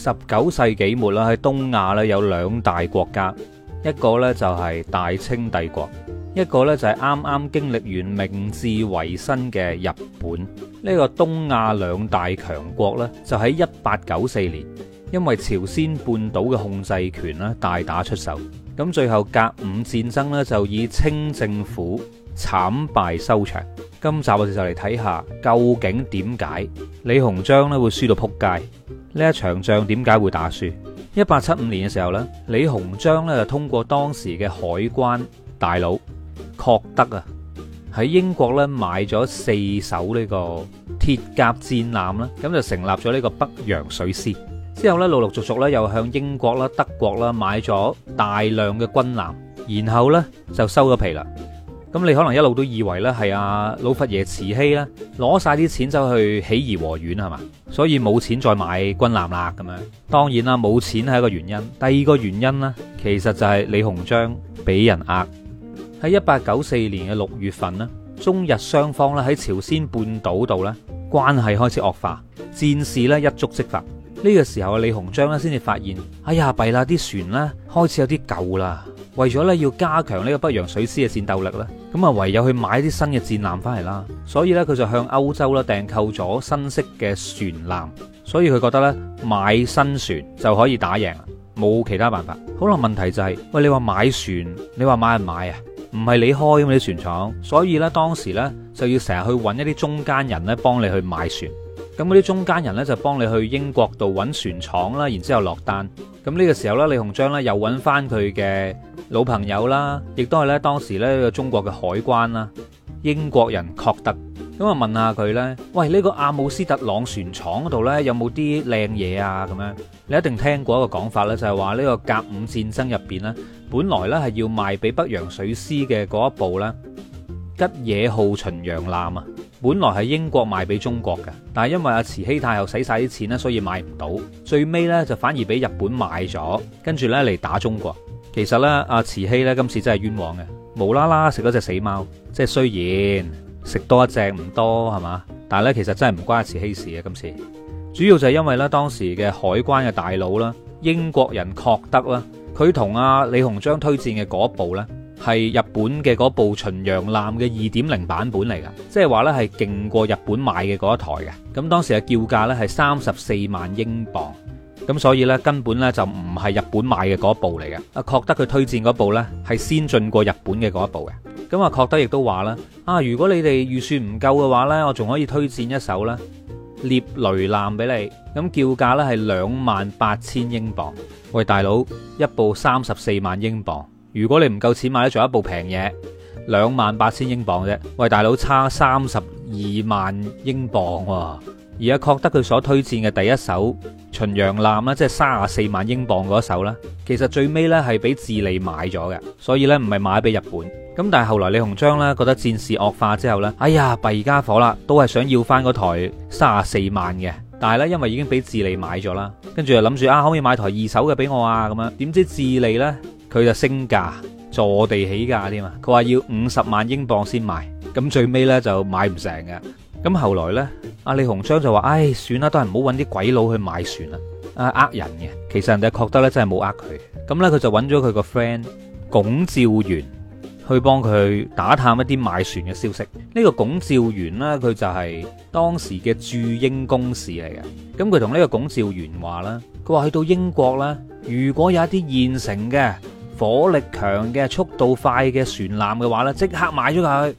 十九世紀末啦，喺東亞咧有兩大國家，一個咧就係大清帝國，一個咧就係啱啱經歷完明治維新嘅日本。呢個東亞兩大強國咧，就喺一八九四年，因為朝鮮半島嘅控制權啦，大打出手。咁最後甲午戰爭咧就以清政府慘敗收場。今集我哋就嚟睇下究竟點解李鴻章咧會輸到撲街。呢一場仗點解會打輸？一八七五年嘅時候咧，李鴻章咧就通過當時嘅海關大佬赫德啊，喺英國咧買咗四艘呢個鐵甲戰艦啦，咁就成立咗呢個北洋水師。之後咧陸陸續續咧又向英國啦、德國啦買咗大量嘅軍艦，然後咧就收咗皮啦。咁你可能一路都以為呢係啊老佛爺慈禧啦，攞晒啲錢走去起頤和園係嘛，所以冇錢再買軍艦啦咁樣。當然啦，冇錢係一個原因。第二個原因呢，其實就係李鴻章俾人呃。喺一八九四年嘅六月份呢，中日雙方咧喺朝鮮半島度呢關係開始惡化，戰事呢一觸即發。呢個時候嘅李鴻章呢先至發現，哎呀弊啦，啲船呢開始有啲舊啦，為咗呢，要加強呢個北洋水師嘅戰鬥力呢。咁啊，唯有去買啲新嘅戰艦翻嚟啦，所以呢，佢就向歐洲呢訂購咗新式嘅船艦，所以佢覺得呢買新船就可以打贏，冇其他辦法。可能問題就係、是，喂你話買船，你話買唔買啊？唔係你開咁啲船廠，所以呢，當時呢，就要成日去揾一啲中間人呢幫你去買船。咁嗰啲中間人呢，就幫你去英國度揾船廠啦，然之後落單。咁呢個時候呢，李鴻章呢又揾翻佢嘅老朋友啦，亦都係呢當時呢個中國嘅海關啦，英國人確特咁啊問下佢呢：「喂，呢個阿姆斯特朗船廠嗰度呢，有冇啲靚嘢啊？」咁樣，你一定聽過一個講法呢，就係話呢個甲午戰爭入邊呢，本來呢係要賣俾北洋水師嘅嗰一部呢，吉野號巡洋艦啊。本來係英國賣俾中國嘅，但係因為阿慈禧太后使晒啲錢咧，所以買唔到。最尾呢，就反而俾日本買咗，跟住呢嚟打中國。其實呢，阿慈禧呢，今次真係冤枉嘅，無啦啦食咗隻死貓。即係雖然食多一隻唔多係嘛，但係呢，其實真係唔關阿慈禧事嘅今次，主要就係因為呢，當時嘅海關嘅大佬啦，英國人確得啦，佢同阿李鴻章推薦嘅嗰一部呢係日本嘅嗰部巡洋艦嘅二點零版本嚟噶即係話咧，係勁過日本買嘅嗰一台嘅。咁當時嘅叫價咧係三十四萬英鎊，咁所以咧根本呢就唔係日本買嘅嗰一部嚟嘅。啊，確德佢推薦嗰部呢係先進過日本嘅嗰一部嘅。咁啊，確德亦都話啦，啊，如果你哋預算唔夠嘅話呢，我仲可以推薦一手啦，獵雷艦俾你。咁叫價呢係兩萬八千英鎊。喂，大佬，一部三十四萬英鎊。如果你唔夠錢買，仲有一部平嘢，兩萬八千英鎊啫。喂，大佬，差三十二萬英鎊喎。而家確得佢所推薦嘅第一手，巡洋艦啦，即係三十四萬英鎊嗰一手啦。其實最尾呢係俾智利買咗嘅，所以呢唔係買俾日本咁。但係後來李鴻章呢覺得戰事惡化之後呢，哎呀弊家伙，啦，都係想要翻嗰台三十四萬嘅。但係呢，因為已經俾智利買咗啦，跟住又諗住啊，可唔可以買台二手嘅俾我啊？咁樣點知智利呢？佢就升價坐地起價添嘛，佢話要五十萬英鎊先賣，咁最尾呢就買唔成嘅。咁後來呢，阿李鴻章就話，唉，算啦，都係唔好揾啲鬼佬去買船啦，啊，呃人嘅。其實人哋覺得咧真係冇呃佢，咁呢，佢就揾咗佢個 friend 龔兆元去幫佢打探一啲買船嘅消息。呢、這個龔兆元呢，佢就係當時嘅駐英公使嚟嘅。咁佢同呢個龔兆元話啦，佢話去到英國啦，如果有一啲現成嘅。火力強嘅、速度快嘅船艦嘅話咧，即刻買咗佢。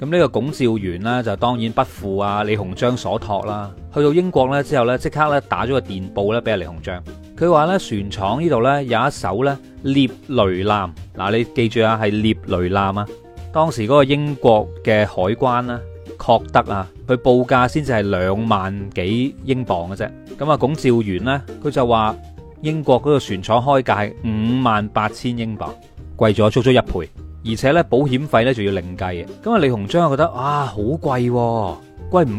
咁呢個龔照瑗啦，就當然不負啊李鴻章所託啦。去到英國咧之後咧，即刻咧打咗個電報咧俾阿李鴻章，佢話咧船廠呢度咧有一艘咧獵雷艦，嗱，你記住啊，係獵雷艦啊。當時嗰個英國嘅海關啦，覺得啊，佢報價先至係兩萬幾英鎊嘅啫。咁啊，龔照瑗咧，佢就話，英國嗰個船廠開價係五萬八千英鎊，貴咗足足一倍，而且咧保險費咧就要另計嘅。咁啊，李鴻章覺得啊好貴，貴唔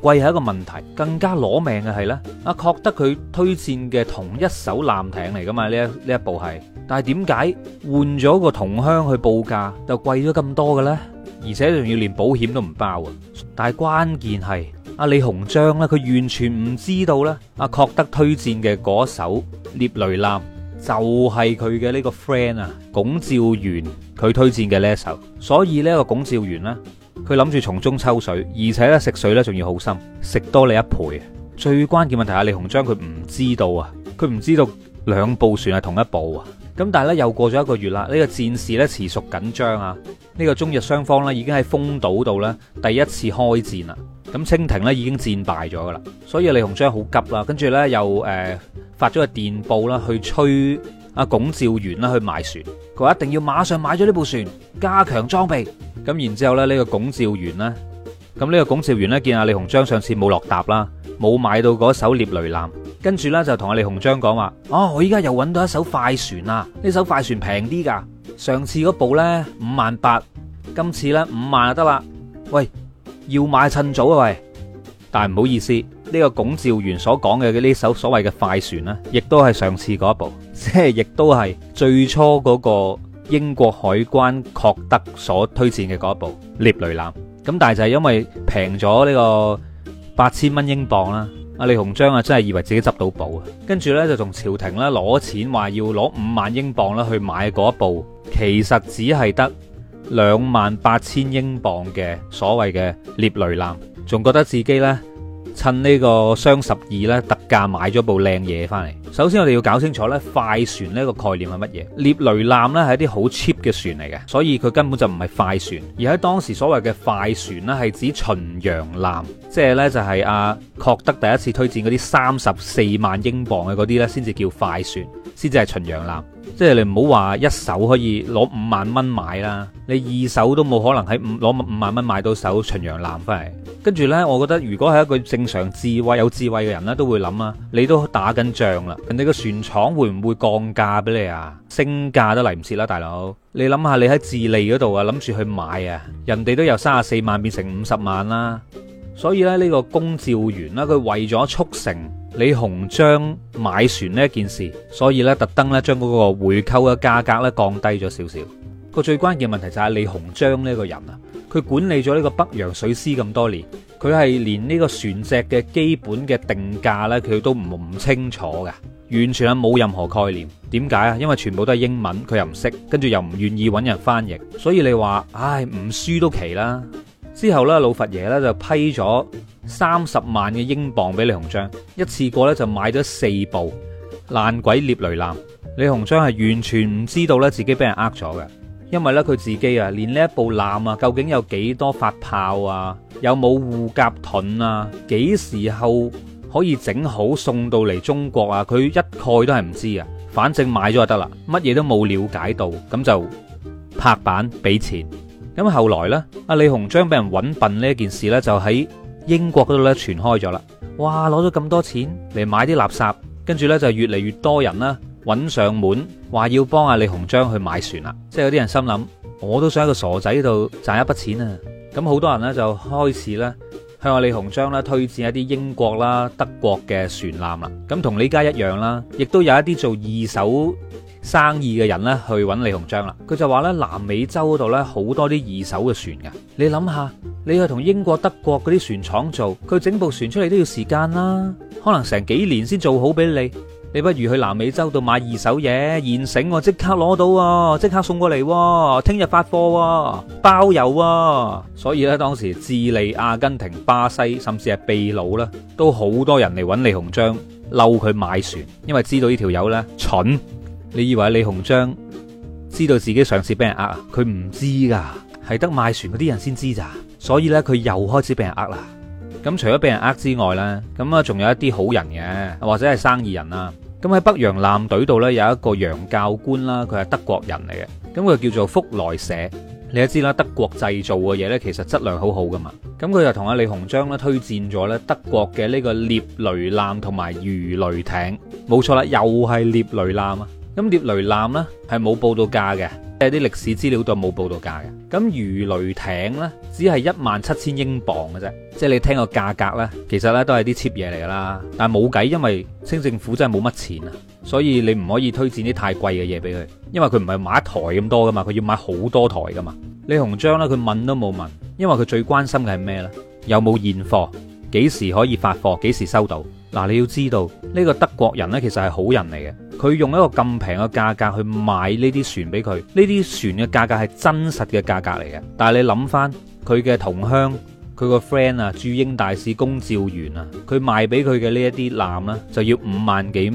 貴係一個問題，更加攞命嘅係呢，阿確得佢推薦嘅同一艘艦艇嚟噶嘛，呢一呢一部係，但係點解換咗個同鄉去報價就貴咗咁多嘅呢？而且仲要連保險都唔包啊！但係關鍵係。阿李鴻章咧，佢完全唔知道咧。阿確德推薦嘅嗰首《聶雷納》，就係佢嘅呢個 friend 啊，龔照瑗佢推薦嘅呢一首。所以呢、這個龔照瑗呢，佢諗住從中抽水，而且咧食水咧仲要好深，食多你一倍。最關鍵問題，阿、啊、李鴻章佢唔知道啊，佢唔知道兩部船係同一部啊。咁但係咧，又過咗一個月啦，呢、這個戰事咧持續緊張啊。呢、這個中日雙方咧已經喺豐島度咧第一次開戰啦。咁清廷咧已經戰敗咗噶啦，所以李鴻章好急啦，跟住呢，又、呃、誒發咗個電報啦，去催阿龔紹元啦去買船，佢話一定要馬上買咗呢部船，加強裝備。咁然之後咧，這個、龔紹元呢、這個龔紹元咧，咁呢個龔紹元呢，見阿李鴻章上次冇落搭啦，冇買到嗰艘獵雷艦，跟住呢，就同阿李鴻章講話，哦，我依家又揾到一艘快船啊，呢艘快船平啲噶，上次嗰部呢，五萬八，今次呢，五萬就得啦。喂！要買趁早啊！喂，但係唔好意思，呢、這個龔照瑗所講嘅呢首所謂嘅快船呢，亦都係上次嗰一部，即係亦都係最初嗰個英國海關赫德所推薦嘅嗰一部《獵雷艦》。咁但係就係因為平咗呢個八千蚊英鎊啦，阿李鴻章啊真係以為自己執到寶啊，跟住呢，就同朝廷呢攞錢，話要攞五萬英鎊呢去買嗰一部，其實只係得。兩萬八千英鎊嘅所謂嘅獵雷艦，仲覺得自己呢，趁呢個雙十二呢，特價買咗部靚嘢翻嚟。首先我哋要搞清楚呢，快船呢個概念係乜嘢？獵雷艦呢係一啲好 cheap 嘅船嚟嘅，所以佢根本就唔係快船。而喺當時所謂嘅快船呢，係指巡洋艦，即係呢就係阿確得第一次推薦嗰啲三十四萬英鎊嘅嗰啲呢，先至叫快船。先至係巡洋艦，即係你唔好話一手可以攞五萬蚊買啦，你二手都冇可能喺攞五萬蚊買到手巡洋艦翻嚟。跟住呢，我覺得如果係一個正常智慧、有智慧嘅人呢，都會諗啊，你都打緊仗啦，人哋個船廠會唔會降價俾你啊？升價都嚟唔切啦，大佬。你諗下，你喺智利嗰度啊，諗住去買啊，人哋都由三十四萬變成五十萬啦。所以咧，呢、呢個公照員啦，佢為咗促成。李鴻章買船呢件事，所以咧特登咧將嗰個回購嘅價格咧降低咗少少。個最關鍵嘅問題就係李鴻章呢一個人啊，佢管理咗呢個北洋水師咁多年，佢係連呢個船隻嘅基本嘅定價咧，佢都唔清楚㗎，完全係冇任何概念。點解啊？因為全部都係英文，佢又唔識，跟住又唔願意揾人翻譯，所以你話唉，唔輸都奇啦。之後呢，老佛爺咧就批咗。三十萬嘅英鎊俾李鴻章，一次過咧就買咗四部爛鬼獵雷艦。李鴻章係完全唔知道咧自己俾人呃咗嘅，因為咧佢自己啊連呢一部艦啊究竟有幾多發炮啊，有冇護甲盾啊，幾時候可以整好送到嚟中國啊？佢一概都係唔知啊，反正買咗就得啦，乜嘢都冇了解到，咁就拍板俾錢。咁後來呢，阿李鴻章俾人揾笨呢件事呢，就喺。英國嗰度咧傳開咗啦，哇！攞咗咁多錢嚟買啲垃圾，跟住咧就越嚟越多人啦揾上門，話要幫阿李鴻章去買船啦。即係有啲人心諗，我都想喺個傻仔度賺一筆錢啊！咁好多人呢，就開始呢向阿李鴻章咧推薦一啲英國啦、德國嘅船艦啦。咁同呢家一樣啦，亦都有一啲做二手生意嘅人呢，去揾李鴻章啦，佢就話呢，南美洲度呢，好多啲二手嘅船噶，你諗下，你去同英國、德國嗰啲船廠做，佢整部船出嚟，都要時間啦，可能成幾年先做好俾你，你不如去南美洲度買二手嘢，現成啊，我即刻攞到啊，即刻送過嚟啊，聽日發貨啊，包郵啊。所以呢，當時智利、阿根廷、巴西，甚至係秘魯啦，都好多人嚟揾李鴻章，嬲佢買船，因為知道呢條友呢蠢。你以為李鴻章知道自己上次俾人呃啊？佢唔知噶，係得賣船嗰啲人先知咋。所以呢，佢又開始俾人呃啦。咁除咗俾人呃之外呢，咁啊，仲有一啲好人嘅，或者係生意人啦。咁喺北洋艦隊度呢，有一個洋教官啦，佢係德國人嚟嘅。咁佢叫做福來社。你都知啦，德國製造嘅嘢呢，其實質量好好噶嘛。咁佢就同阿李鴻章咧推薦咗呢德國嘅呢個獵雷艦同埋魚雷艇，冇錯啦，又係獵雷艦啊。金蝶雷艦咧，係冇報到價嘅，即係啲歷史資料都冇報到價嘅。咁魚雷艇咧，只係一萬七千英鎊嘅啫，即係你聽個價格咧，其實咧都係啲 cheap 嘢嚟噶啦。但係冇計，因為清政府真係冇乜錢啊，所以你唔可以推薦啲太貴嘅嘢俾佢，因為佢唔係買一台咁多噶嘛，佢要買好多台噶嘛。李鴻章咧，佢問都冇問，因為佢最關心嘅係咩咧？有冇現貨？幾時可以發貨？幾時收到？嗱，你要知道呢、呢個德國人呢，其實係好人嚟嘅。佢用一個咁平嘅價格去買呢啲船俾佢，呢啲船嘅價格係真實嘅價格嚟嘅。但係你諗翻佢嘅同鄉，佢個 friend 啊，駐英大使龔照瑗啊，佢賣俾佢嘅呢一啲艦啦，就要五萬幾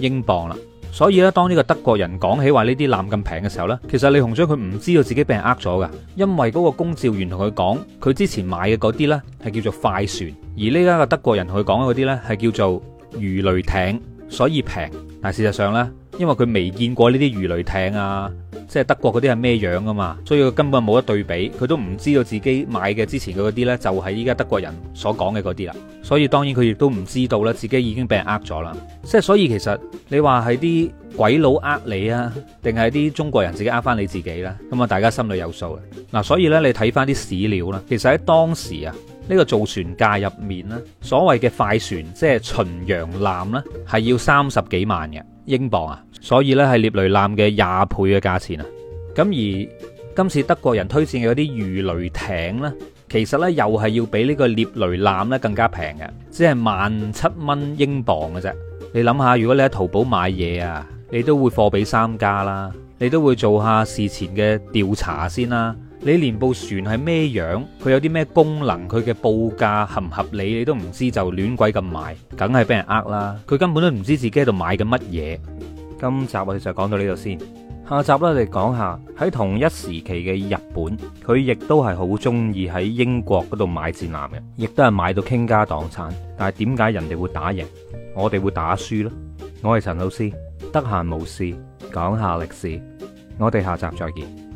英鎊啦。所以咧，當呢個德國人講起話呢啲艦咁平嘅時候呢，其實李鴻章佢唔知道自己俾人呃咗㗎，因為嗰個公照員同佢講，佢之前買嘅嗰啲呢係叫做快船，而呢家嘅德國人同佢講嗰啲呢係叫做魚雷艇。所以平，但事實上呢，因為佢未見過呢啲魚雷艇啊，即係德國嗰啲係咩樣噶嘛，所以佢根本冇得對比，佢都唔知道自己買嘅之前嗰啲呢，就係依家德國人所講嘅嗰啲啦，所以當然佢亦都唔知道咧自己已經俾人呃咗啦，即係所以其實你話係啲鬼佬呃你啊，定係啲中國人自己呃翻你自己呢？咁啊大家心裏有數啦。嗱、啊，所以呢，你睇翻啲史料啦，其實喺當時啊。呢個造船價入面，呢所謂嘅快船，即係巡洋艦，呢係要三十幾萬嘅英鎊啊，所以呢係獵雷艦嘅廿倍嘅價錢啊。咁而今次德國人推薦嘅嗰啲魚雷艇呢，其實呢又係要比呢個獵雷艦呢更加平嘅，即係萬七蚊英鎊嘅啫。你諗下，如果你喺淘寶買嘢啊，你都會貨比三家啦，你都會做下事前嘅調查先啦。你連部船係咩樣，佢有啲咩功能，佢嘅報價合唔合理，你都唔知就亂鬼咁買，梗係俾人呃啦。佢根本都唔知自己喺度買緊乜嘢。今集我哋就講到呢度先，下集啦，我哋講下喺同一時期嘅日本，佢亦都係好中意喺英國嗰度買戰艦嘅，亦都係買到傾家蕩產。但係點解人哋會打贏，我哋會打輸呢？我係陳老師，得閒無事講下歷史，我哋下集再見。